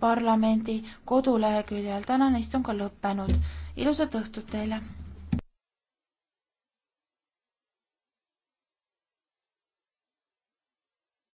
parlamendi koduleheküljel. tänane istung on lõppenud. ilusat õhtut teile!